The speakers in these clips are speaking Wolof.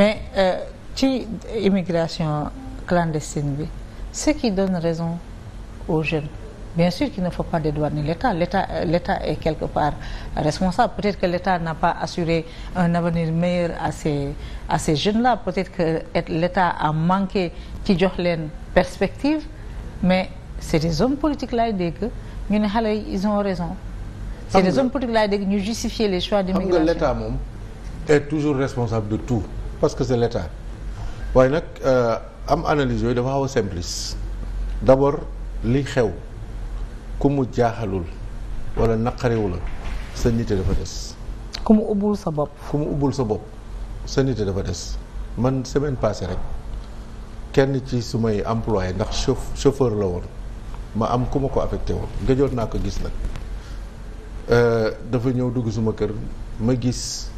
mais ci euh, immigration clandestine bi ce qui donne raison aux jeunes bien sûr qu'il ne faut pas dédouaner l'État l'État euh, l'État est quelque part responsable peut-être que l'État n'a pas assuré un avenir meilleur à ces à ces jeunes-là peut-être que l'État a manqué ci jox leen perspective mais c'est des hommes politiques laay dégg ñu ne xale yi ils ont raison c'est des hommes politiques laay dégg ñu justifier les choix d'immigration xam nga l'État moom est toujours responsable de tout parce que c'est l'État waaye nag euh, am analyse yooyu dafa xaw a simplice d'abord li xew ku mu jaaxalul wala naqariwu la sa nite dafa des ku mu ubbul sa bopp ku mu ubbul sa bopp sa nite dafa des man semaine passée rek kenn ci su may employé ndax chauffeur la woon ma am ku ma ko affecté woon gëjoon naa ko gis nag euh, dafa ñëw dugg suma kër ma gis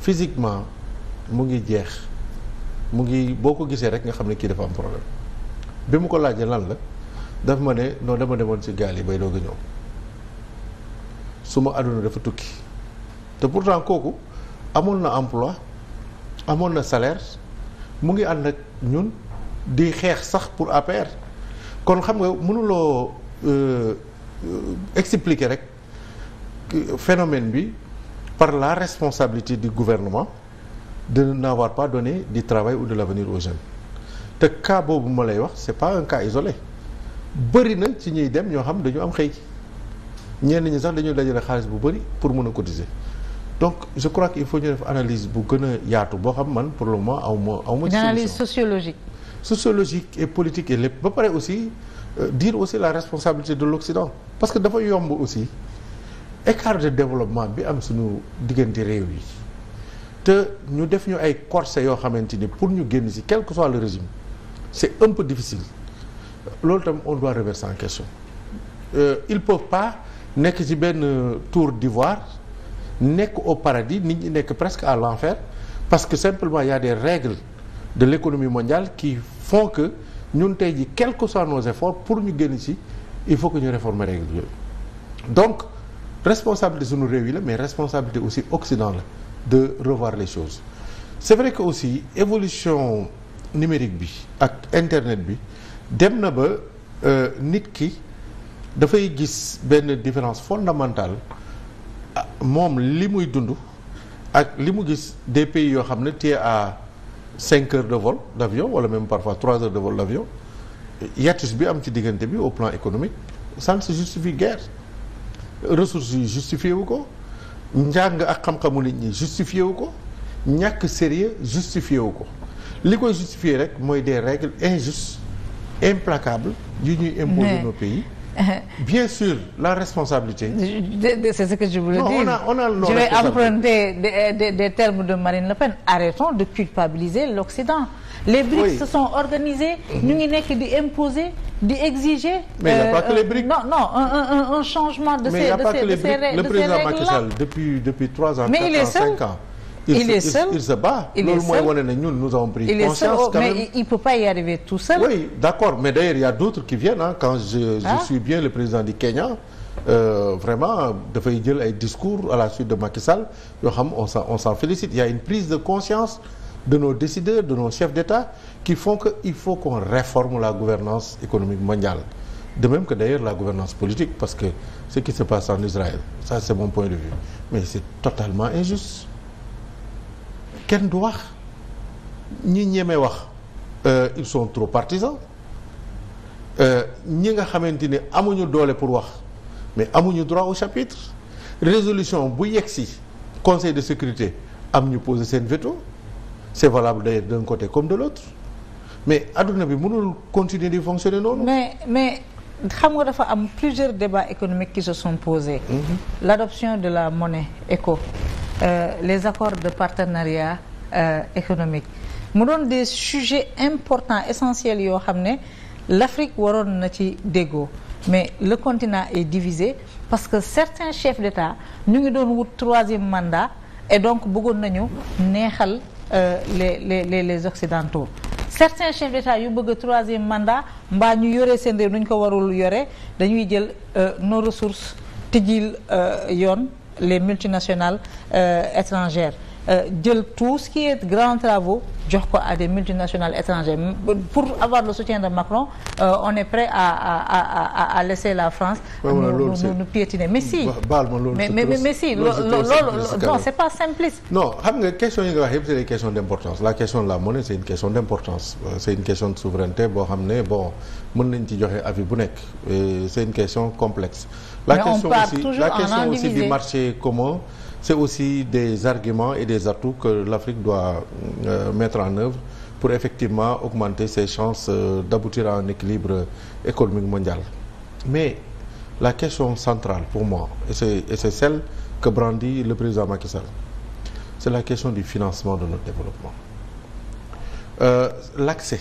physiquement mu ngi jeex mu ngi boo ko gisee rek nga xam ne kii dafa am problème bi mu ko laajee lan la daf ma ne non dama demoon ci gaal yi bay doog a ñëw su ma àdduna dafa tukki te pourtant kooku amoon na emploi amoon na salaire mu ngi ànd ak ñun di xeex sax pour APR kon xam nga mënuloo euh, expliquer rek euh, phénomène bi par la responsabilité di gouvernement de n'avoir pas donné du travail ou de l'avenir aux te cas boobu ma lay wax c'est pas un cas isolé bëri na ci ñuy dem ñoo xam dañu am xëy ñeen ñi sax dañu dajale xaalis bu bëri pour mën a cotiser donc je crois il faut ñu def analyse bu gën a yaatu boo xam man pour le moment aw ma aw ma une analyse sociologique sociologique et politique et lépp ba pare aussi euh, diir aussi la responsabilité de l'Occident parce que dafa yomb aussi écart de développement bi am suñu diggante réew yi te ñu def ñu ay corset yoo xamante ni pour ñu génn si quel que soit le régime c'est un peu difficile loolu tam on doit reverser en question euh, ils peuvent pas nekk ci benn tour d'ivoire nekk au paradis nit ñi nekk presque à l'enfer parce que simplement il y a de l'économie mondiale qui font que ñun tey ji quel que soit nos efforts pour ñu génn ci il faut que ñu réformer règles donc responsabilité sunu réew yi la mais responsabilité aussi Occident la de revoir les choses c'est vrai que aussi évolution numérique bi ak internet bi dem na ba euh, nit ki dafay gis benn différence fondamentale ah, moom li muy dund ak li mu gis des pays yoo xam ne téye à cinq heures de vol d'avion wala même parfois trois heures de vol d'avion hiatus bi am ci diggante bi au plan économique ça su se justifie guère ressources yi justifié wu ko njàng ak xam-xamu nit ñi justifié wu ko ñàkk sérieux justifié wu ko li koy justifié rek mooy des règles injustes implacable yu ñuy imposer nos pays bien sûr la responsabilité. c'est ce que je voulais non, dire. on a on a nos je vais emprunter des, termes de Marine Le Pen arrêtons de culpabiliser l'Occident les BRICS oui. se sont organisés. ñu ngi nekk di imposer di exiger. mais il n'y a pas que les euh, BRICS. un changement de. le président Macky depuis depuis trois ans. mais il cinq ans. il, il est seul il, il se bat loolu mooy wane ne ñun nous avons pris conscience oh, mais même. il peut pas y arriver tout seul d'accord mais d'ailleurs il y a d'autres qui viennent quand je ah. suis bien le président du Kenya euh, vraiment dafay jël ay discours à la suite de Macky Sall yoo xam on s'en on félicite il y a une prise de conscience de nos décideurs de nos chefs d'État qui font que il faut qu'on réforme la gouvernance économique mondiale de même que d'ailleurs la gouvernance politique parce que ce qui se passe en kenn du wax ñi ñeme wax euh, ils sont trop partisans euh, ñi nga xamante ni amuñu doole pour wax mais amuñu droit au chapitre résolution bu yegg si conseil de sécurité am ñu poser seen veto c'est valable d'ailleurs d'un côté comme de l'autre mais adduna bi mënul continuer di fonctionner noonu. mais mais xam nga dafa am plusieurs débats économiques qui se sont posés. Mm-hmm. l'adoption de la monnaie éco. Euh, les accords de partenariat euh, économiques mu doon des sujets important essentiels yoo xam ne l'Afrique waroon na ci déggoo mais le continent est divisé parce que certains chefs d'État ñu ngi doon wut troisième mandat et donc bëggoon nañu neexal euh, les les les les occidentaux certains chefs d'État yu bëgg troisième mandat mbaa ñu yore seen réew nu ko warul yore dañuy jël nos ressources tijjil yoon les multinationales euh, étrangères euh, jël euh, tout ce est grands travaux jox ko à des multinationales étrangères pour avoir le soutien de Macron euh, on est prêt à à à à laisser la France. waaw ouais, loolu nous, nous, nous piétiner mais si. baal ma loolu mais si loolu c'est pas simpliste. non xam nga question yi nga wax yëpp c'est des questions d'importance la question de la monnaie c'est une question d'importance euh, c'est une question de souveraineté boo xam ne bon nañ ci joxe avis bu nekk c'est une question la question en aussi du marché commun c'est aussi des arguments et des atouts que l'Afrique doit euh, mettre en œuvre pour effectivement augmenter ses chances euh, d'aboutir à un équilibre économique mondial mais la question centrale pour moi et c'est celle que brandit le président Macky Sall c'est la question du financement de notre développement euh, l'accès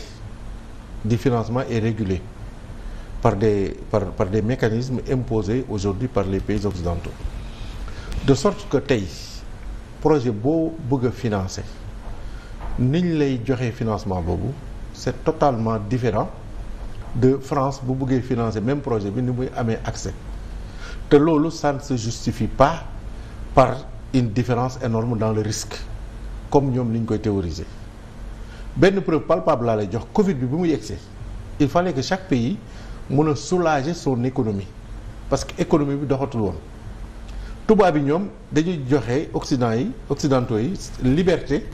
du financement est régulé par des par par des mécanismes imposés aujourd'hui par les pays occidentaux de sorte que tey projet boo bëgg a financer ñu lay joxe financement boobu c'est totalement différent de France bu bëggee financer même projet bi ni muy amee accès te loolu ça ne se justifie pas par une différence énorme dans le risque comme ñoom ni ñu koy théoriser benn preuve palpable laa lay jox Covid bi bu mu yegsee il fallait que chaque pays mun a soulager son économie parce que économie bi doxatul woon tubaab yi ñoom dañuy joxe occident yi occidentaux yi liberté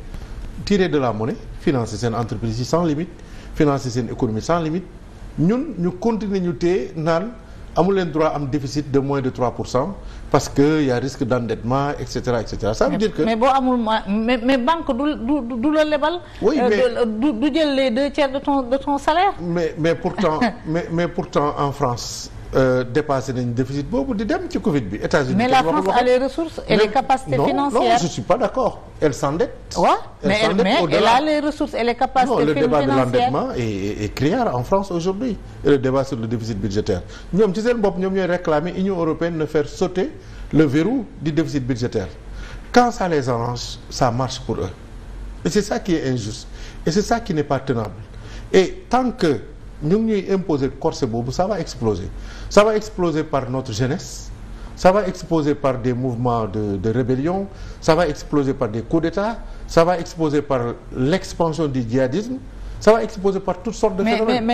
tirer de la monnaie financer seen entreprise yi sans limite financer seen économie sans limite ñun ñu continuer ñu téye naan amul leen droit am déficit de moins de 3 pour cent parce que y a risque d'endettement et cetera et cetera ça veut dire que. mais boo amul ma mais mais banque du du du la lebal. oui euh, mais du du jël les deux tiers de ton de ton salaire. mais mais pourtant mais mais pourtant en France. Euh, dépassé nañ déficit boobu di dem ci Covid bi États-Unis mais la France a les ressources et les capacités financières non je suis pas d'accord elle s'endette ouais, elle mais elle, les ressources et les capacités financières non le débat de l'endettement est est criard en France aujourd'hui et le débat sur le déficit budgétaire ñoom ci seen bopp ñoom ñooy réclamer Union européenne de faire sauter le verrou du déficit budgétaire quand ça les arrange ça marche pour eux et c'est ça qui est injuste et c'est et tant que ñu ngi ñuy imposer corset boobu ça va exploser ça va exploser par notre jeunesse ça va exploser par des mouvements de de rébellion ça va exploser par des coups d'État ça va exploser par l'expansion du djihadisme ça va exploser par toutes sortes de phénomènes